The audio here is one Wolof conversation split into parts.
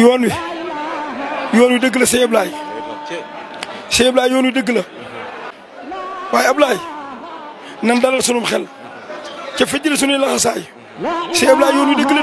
yoon wi yoon wi dëgg la sëñ yoon wi dëgg la waaye nan dalal sunum xel ca fëjjële sunuy laxasaay sëñ Ablaye yoon wi dëgg de.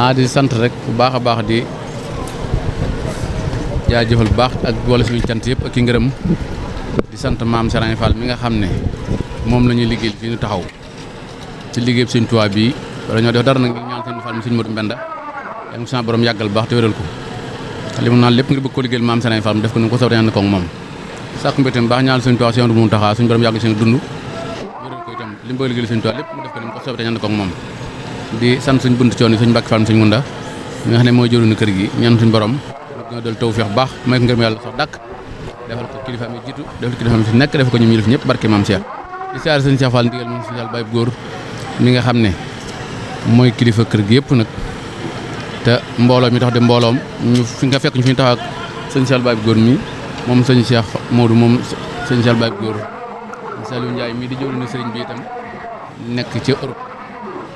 ah di sant rek bu baax a baax di jaajëfal bu baax ak boole suñu cant yëpp ak i ngërëm di sant maam Serigne Fall mi nga xam ne moom la ñuy liggéeyal fii ñu taxaw ci liggéey bi suñ tubaab bii wala ñoo def dara nag ñu ñaan seen Fall mi suñ Modou Mbenda yàlla na borom yàggal bu baax te wéral ko li mu naan lépp ngir bëgg ko liggéeyal maam Serigne Fall mu def ko ni mu ko soobee ñaan ak moom sàkku mbétam du mu taxaa suñ borom yàggal seen dund wéral ko itam li mu bëgg liggéeyal suñ tubaab lépp mu def ko ni mu ko soobee ñaan ko moom di sant suñ bunt coon yi suñ mbàkki faam suñ munda mi nga xam ne mooy jëruñu kër gi ñaan suñ borom ñoo dal taw feex baax may ko ngërëm yàlla sax dàkk defal ko kilifa mi jiitu defal ko kilifa mi fi ko ñu def ñëpp barke maam Cheikh di siyaar sëñ Cheikh Fall ndigal moom sëñ Cheikh Baye góor nga xam ne mooy kilifa kër gi yëpp nag te mbooloo mi tax de mbooloom ñu fi nga fekk ñu fi ñu tax ak sëñ Cheikh Baye góor mi moom sëñ Cheikh Modou moom sëñ Cheikh Baye góor Saliou Ndiaye mii di jëwlu na sëriñ bi itam nekk ci Europe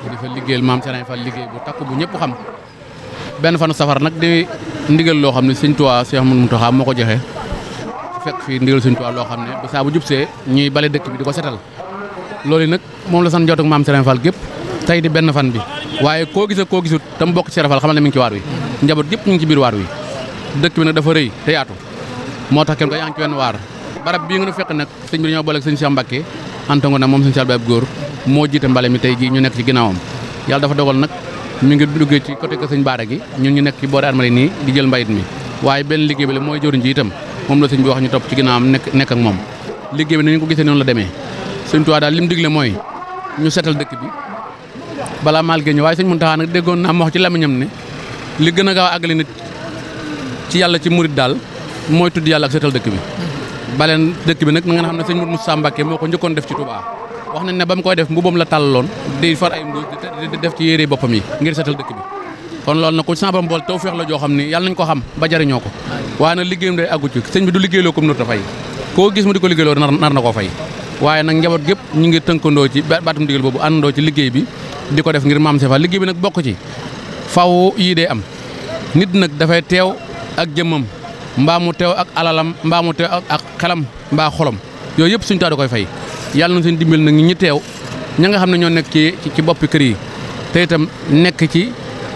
mu di fa liggéeyal maam Serigne Fall liggéey bu takk bu ñëpp xam benn fanu safar nag di ndigal loo xam ne Serigne Touba Cheikh Mouhamadou Mountakha moo ko joxe fekk fii ndigal Serigne Touba loo xam ne bu saa bu jubsee ñuy bale dëkk bi di ko setal loolu nag moom la san jotuk maam Serigne Fall gépp tey di benn fan bi waaye koo gisa koo gisut tam bokk ci Serigne Fall xamal ne mi ngi ci waar wi njaboot gépp ñu ngi ci biir waar wi dëkk bi nag dafa rëy te yaatu moo tax k ko yaa ngi ci wenn waar barab fekk nag sëñ bi dañoo boole ak sëñ Cheikh Mbacké antango na moom sëñ Cheikh Abdou góor moo jiite mbale mi tey jii ñu nekk ci ginnaawam yàlla dafa dogal nag mu ngi duggee ci côté ko sëñ baara gi ñun ñu nekk ci boori armée nii di jël mbayit mi waaye benn liggéey bi la mooy jëriñ ji itam moom la sëñ bi wax ñu topp ci ginnaawam nekk nekk moom liggéey bi nañu ko gisee noonu la demee sëñ Tuubaa daal li mu digle mooy ñu seetal dëkk bi balaa maal génn waaye sëñ Muntaxa nag déggoon naa wax ci lamiñam ni li gën a gaaw a àggale nit ci yàlla ci murit daal mooy tudd yàlla setal dëkk bi baleen dëkk bi nag na nga xam ne sëñ Moussa Mbacke moo ko njëkkoon def ci Touba wax nañ ne ba mu koy def mbubam la tàllaloon di far ay mbuus di def ci yére boppam yi ngir setal dëkk bi kon loolu na ku ci sàmpam bool feex la joo xam ni yàlla nañ ko xam ba jariñoo ko waaye na liggéeyam day àggu ci sëñ bi du liggéeyloo comme nota fay koo gis mu di ko liggéeyloo nar na koo fay waaye na njaboot gépp ñu ngi tënkandoo ci baatum digal boobu àndandoo ci liggéey bi di ko def ngir maam Seex Faal liggéey bi nag bokk ci faw yii day am nit nag dafay teew ak jëmmam mbaa mu teew ak alalam mbaa mu teew ak xelam mbaa xolam yooyu yëpp suñu da koy fay yàlla na seen na nag ñi teew ña nga xam ne ñoo nekk ci ci boppi kër yi te tam nekk ci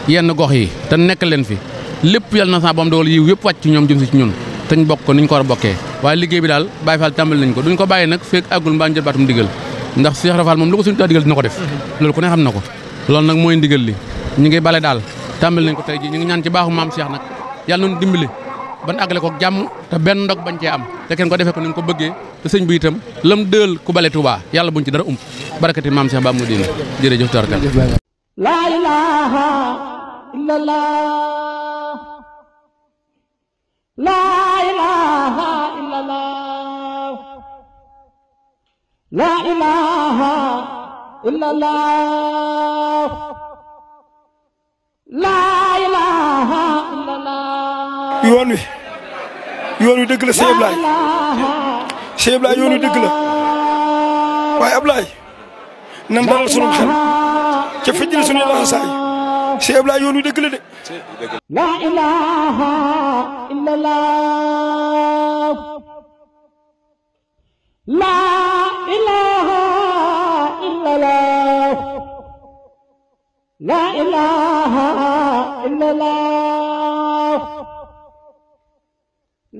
yenn gox yi te nekk leen fi lépp yàlla na sa boom dool yiw yëpp wàcc ci ñoom jëm si ci ñun te ñu bokk ko ni ko war bokkee waaye liggéey bi daal Baye Fall tàmbali nañ ko duñ ko bàyyi nag feek àggul mbaa njël baatum digal ndax Cheikh Rafal moom lu ko suñu taa digal dina ko def loolu ku ne xam na ko loolu nag mooy ndigal li ñu ngi bale daal tàmbali nañ ko tey ji ñu ngi ñaan ci baaxu maam Cheikh nag yàlla nañu dimbali ban àggale ko jàmm te benn ndog bañ cee am te kenn ko defee ko ni ko bëggee te sëñ bi itam lam dël ku bale yàlla buñ ci dara ump barakati maam Cheikh Ba mu diin jërëjëf tarkal laa ilaaha yoon wi yoon wi dëgg la Cheikh Ablaye Cheikh Ablaye nan dalal sunu xel ca fajjil sunu laxasaay Cheikh Ablaye yoon wi dëgg de.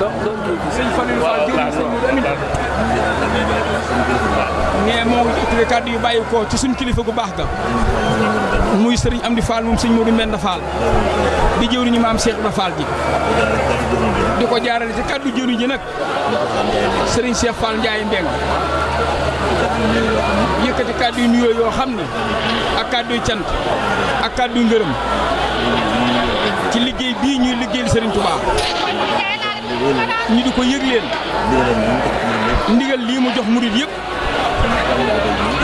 donc donc sëñ Falilou kàddu yu bàyyi ko ci suñ kilifa gu baax ga muy sëriñ Amdi Fall moom sëñ Modou Mbenda Fall di jëwriñu maam Cheikh Ibra Fall ji di ko jaarale ci kàddu jëwriñ ji nag sëriñ Cheikh Fall Ndiaye Mbeng yëkkati kàddu yu yoo xam ne ak kàddu yu cant ak kàddu ngërëm ci liggéey bii ñuy liggéeyal sëriñ Touba ñu di ko yëg leen ndigal lii mu jox murit yëpp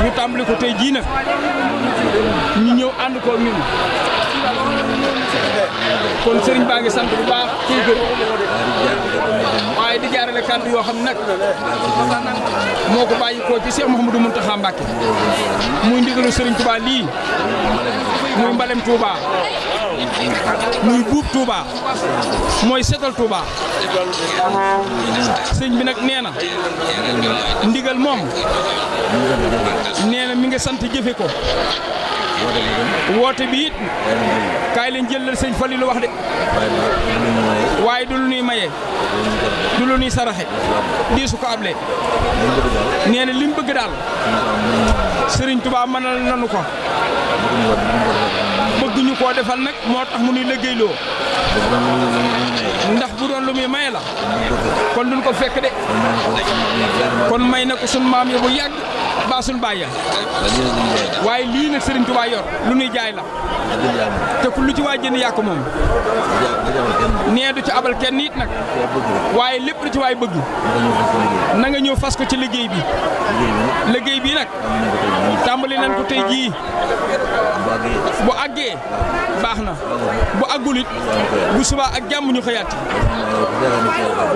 ñu tàmbali ko tey jii nag ñu ñëw ànd ko ñun kon sëriñ baa ngi sant bu baax ciy gër waaye di jaarale kàddu yoo xam nag moo ko bàyyi koo ci Cheikh Mouhamadou Mountakha Mbacké muy ndigalu sëriñ Touba lii muy mbalem Touba muy buub Touba mooy setal Touba sëñ bi nag nee na ndigal moom nee na mi nga sant jëfe ko woote bi it kaay leen jëlal sëñ Falilu wax de waaye du lu nuy maye du lu nuy saraxe diisu ko able nee na li mu daal Serigne Touba mënal nanu ko. bëgg koo defal nag moo tax mu nuy liggéeyloo. ndax bu doon lu muy may la. kon nu ko fekk de. kon may na ko sunu maam yi bu yàgg. ba suñu bàyyi waaye lii nag Serigne Touba yor lu nuy jaay la te ku lu ci waay jënd yàq moom nee du ci abal kenn it nag waaye lépp lu ci waay bëgg na nga ñëw fas ko ci liggéey bi liggéey bi nag tàmbali nañ ko tey jii bu àggee baax na bu àggul it subaa ak jàmm ñu xëyaat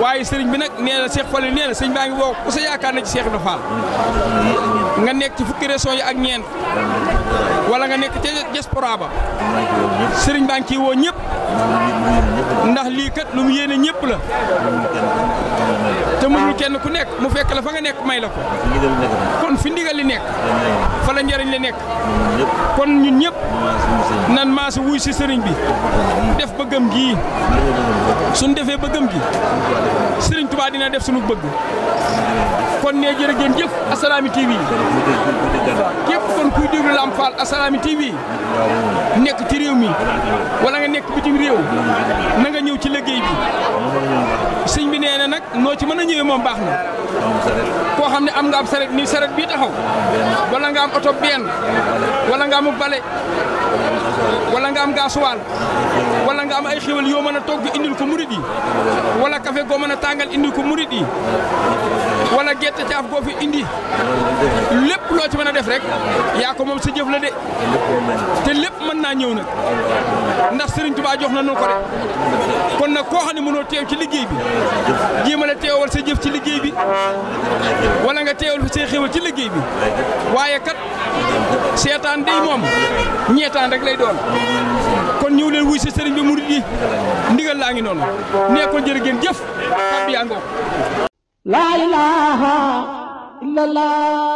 waaye sëriñ bi nag nee na Cheikh Fallou nee na sëriñ ngi woo ku sa yaakaar na ci Cheikh Ibra Fall nga nekk ci fukki région yi ak ñeent wala nga nekk ca diaspora ba sëriñ baa ngi ciy woo ñëpp ndax lii kat lu mu yéene ñëpp la te mënul kenn ku nekk mu fekk la fa nga nekk may la ko kon fi ndigal li nekk fa la njariñ li nekk kon ñun ñëpp nan maasa wuy si sëriñ bi def bëggam gii suñ defee bëggam gi sëriñ Tuubaa dina def sunu bëgg kon nee jërë ngeen jëf Assalaamy TV képp kon kuy déglu Lamp Fall Assalaamy TV nekk ci réew mi wala nga nekk bitim réew na nga ñëw ci liggéey bi sëñ bi nee na nag noo ci mën a ñëwee moom baax na koo xam ne am nga am saret ni saret bii taxaw wala nga am oto benn wala nga am bale wala nga am gaasuwaal wala nga am ay xéwal yoo mën a togg indil ko murit yi wala café goo mën a tàngal indil ko murit yi wala gerte caaf goo fi indi lépp loo ci mën a def rek yaa ko moom sa jëf la de te lépp mën naa ñëw nag ndax Serigne Touba jox na nu ko de kon nag koo xam ne mënoo teew ci liggéey bi jéemale teewal sa jëf ci liggéey bi wala nga teewal say xéwal ci liggéey bi waaye kat seetaan day moom ñeeta waxtaan rek lay doon laa ilaaha illallah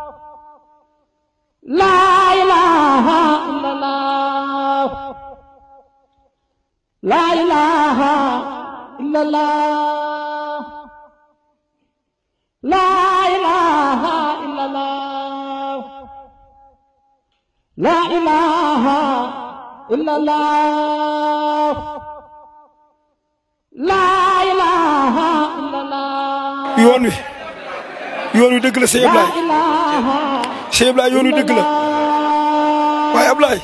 laa ilaaha illallah laa ilaaha illallah laa ilaaha illallah laa ilaaha illallah laa ilaaha illallah yoon wi yoon wi dëgg la Sëñ Ablaay Cheikh Ablaye yoonu dëgg la waaye Ablaye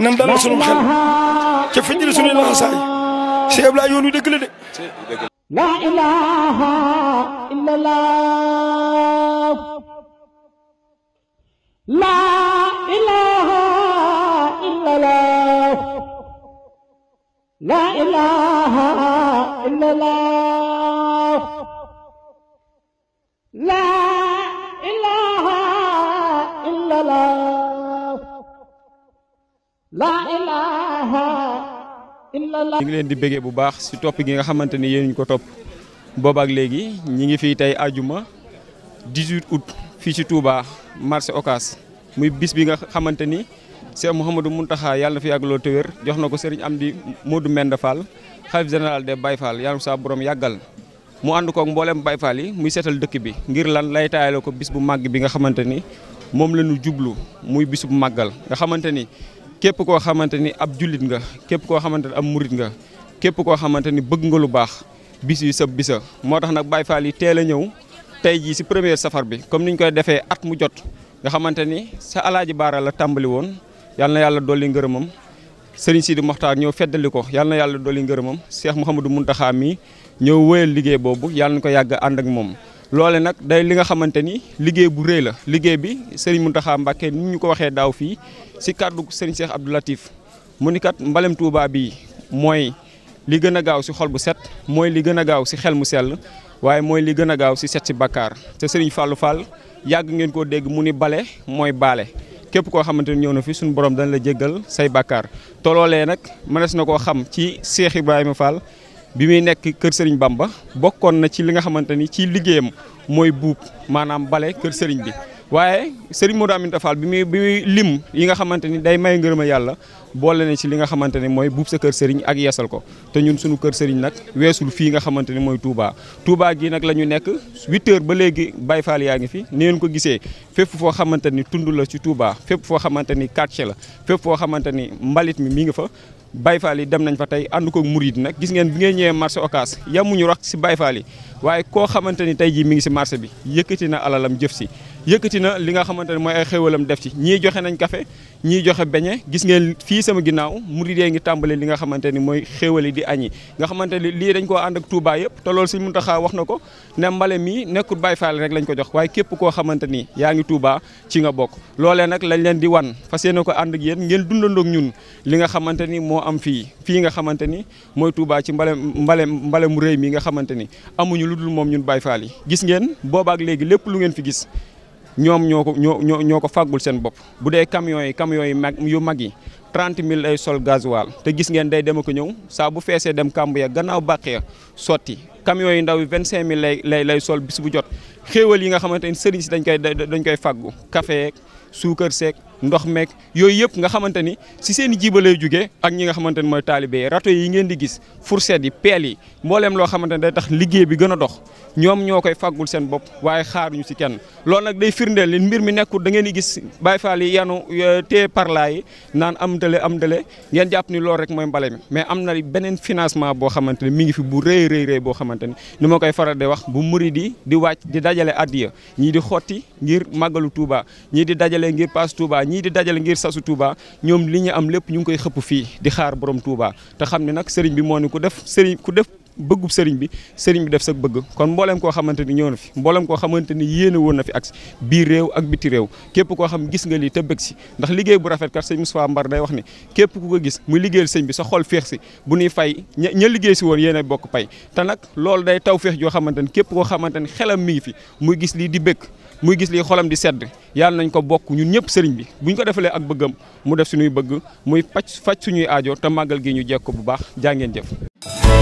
nan dal sunum xel ca fajjil sunu laxasaay Cheikh Ablaye yoonu dëgg la de. la ilaha illallah la ilaha illallah la ilaha illallah laa ilaaha illallah. ñu ngi leen di bëggee bu baax si topp gi nga xamante ni yéen ñu ko topp boobaak léegi ñi ngi fii tey ajuma àjjuma 18 août fii ci Touba marché Ocass muy bis bi nga xamante ni Cheikh Mouhamadou Mountakha yàlla na fi yàgg loolu te jox na ko Serigne Amdi Modou Mende Fall xalif général de Baye Fall yàlla saa borom yàggal. mu ànd koog mboolem Baye Fall yi muy seetal dëkk bi ngir lan lay ko bis bu màgg bi nga xamante ni moom la ñu jublu muy bis bu màggal nga xamante ni. képp koo xamante ni ab jullit nga képp koo xamante ni ab murit nga képp koo xamante ni bëgg nga lu baax bis yi sa bisa moo tax nag Baye Fall yi teel a ñëw tey jii si première safar bi comme ni ñu koy defee at mu jot nga xamante ni sa alaaji baaral la tàmbali woon yàlla na yàlla dolli ngërëmam sëriñ Sidi Moxtaar ñëw feddali ko yal na yàlla dolli ngërëmam Cheikh Mouhamadou Mountakha mi ñëw wéyal liggéey boobu yàlla na ko yàgg ànd ak moom loole nag day li nga xamante ni liggéey bu rëy la liggéey bi Serigne Mountakha Mbacké ni ñu ko waxee daaw fii si kàddu Serigne Cheikh Abdou Latif mu ni kat mbalem tuubaab bii mooy li gën a gaaw si xol bu set mooy li gën a gaaw si xel mu sell waaye mooy li gën a gaaw si set si bakkaar te Serigne Fallou Fall yàgg ngeen koo dégg mu ni bale mooy baale képp koo xamante ni ñëw na fi suñu borom dana la jéggal say bakkaar te loolee nag mënees na koo xam ci Cheikh Ibrahima Fall. bi muy nekk kër Serigne Bamba bokkoon na ci li nga xamante ni ci liggéeyam mooy buub maanaam bale kër Serigne bi waaye Serigne Modou Aminta Fall bi muy bi lim yi nga xamante ni day may ngërëma yàlla boole na ci li nga xamante ne mooy buub sa kër Serigne ak yesal ko te ñun suñu kër Serigne nag weesul fii nga xamante ne mooy tuubaa Touba gii nag la ñu nekk 8 heures ba léegi Baye Fall yaa ngi fi ni ngeen ko gisee fépp foo xamante ni tund la ci Touba fépp foo xamante ni quartier la fépp foo xamante ni mbalit mi mi ngi fa. Baye Fall yi dem nañ fa tey ànd ko murid nag gis ngeen bi ngay ñëwee marché Ocass yamuñu wax si Baye Fall yi waaye koo xamante ni tey jii mi ngi si marché bi yëkkati na alalam jëf si yëkkati na li nga xamante ne mooy ay xéwalam def ci ñii joxe nañ kafe ñii joxe beñe gis ngeen fii sama ginnaaw mu di yi ngi tàmbale li nga xamante ni mooy xéwali di añi nga xamante ni lii dañ koo ànd ak yëpp te loolu Sëriñ Muntaxa wax na ko ne mbale mii nekkul Baay Faal rek lañ ko jox waaye képp koo xamante ni yaa ngi Touba ci nga bokk loolee nag lañ leen di wan fas yéene ko ànd yéen ngeen dundandoog ñun li xamante ni moo am fii fii nga xamante ni mooy Touba ci mbale mbale mbale mu réy mii nga xamante ni amuñu lu dul moom ñun Baay Faal yi gis ngeen boobaak léegi lépp lu ngeen fi gis ñoom ñoo ko ñoo ñoo ñoo ko fàggul seen bopp bu dee camions yi camions yi mag yu mag yi trente mille lay sol gasoil te gis ngeen day dem ko ñëw saa bu feesee dem kàmb ya gannaaw bàq ya sotti camions yi ndaw yi vingt cinq mille lay lay lay sol bis bu jot xéewal yi nga xamante ni sëriñ si dañ koy dañ koy faggu café yeeg suukar seek ndox meeg yooyu yëpp nga xamante ni si seen i jiba lay jóge ak ñi nga xamante ni mooy taalibe yi rato yi ngeen di gis fourchette yi peel yi mbooleem loo xamante ni day tax liggéey bi gën a dox ñoom ñoo koy faggul seen bopp waaye xaaruñu si kenn lool nag day firndeel ni mbir mi nekkul da ngeen di gis Baay Faal yi yanu euh, tée parla yi naan am dale am dale ngeen jàpp ni loolu rek mooy mbale mi mais am na beneen financement boo xamante ni mi ngi fi bu rëy rëy rëy boo xamante ni ni ma koy faral di wax bu muri di di wàcc di dajale addiya ñii di xotti ngir màggalu Touba ñii di dajale ngir paas Touba ñii di dajale ngir sasu Touba ñoom li ñu am lépp ñu ngi koy xëpp fii di xaar borom Touba te xam ne nag sëriñ bi moo ni ku def sëriñ ku def bëggub sëriñ bi sëriñ bi def sa bëgg kon mbooleem koo xamante ni ñëw na fi mbooleem koo xamante ni yéene woon na fi ak biir réew ak biti réew képp koo xam gis nga lii te bëgg si ndax liggéey bu rafet kat sëñ Moustapha Mbar day wax ni képp ku ko gis muy liggéeyal sëñ bi sa xol feex si bu ñuy fay ña liggéey si woon yéen bokk pay te nag loolu day taw féex joo xamante ni képp koo xamante ni xelam mi fi muy gis lii di bëgg muy gis lii xolam di sedd yàlla nañ ko bokk ñun ñëpp sëriñ bi bu ñu ko defalee ak bëggam mu def suñuy bëgg muy paj faj suñuy aajo te màggal gi ñu jekk ko bu baax jàngeen ngeen jëf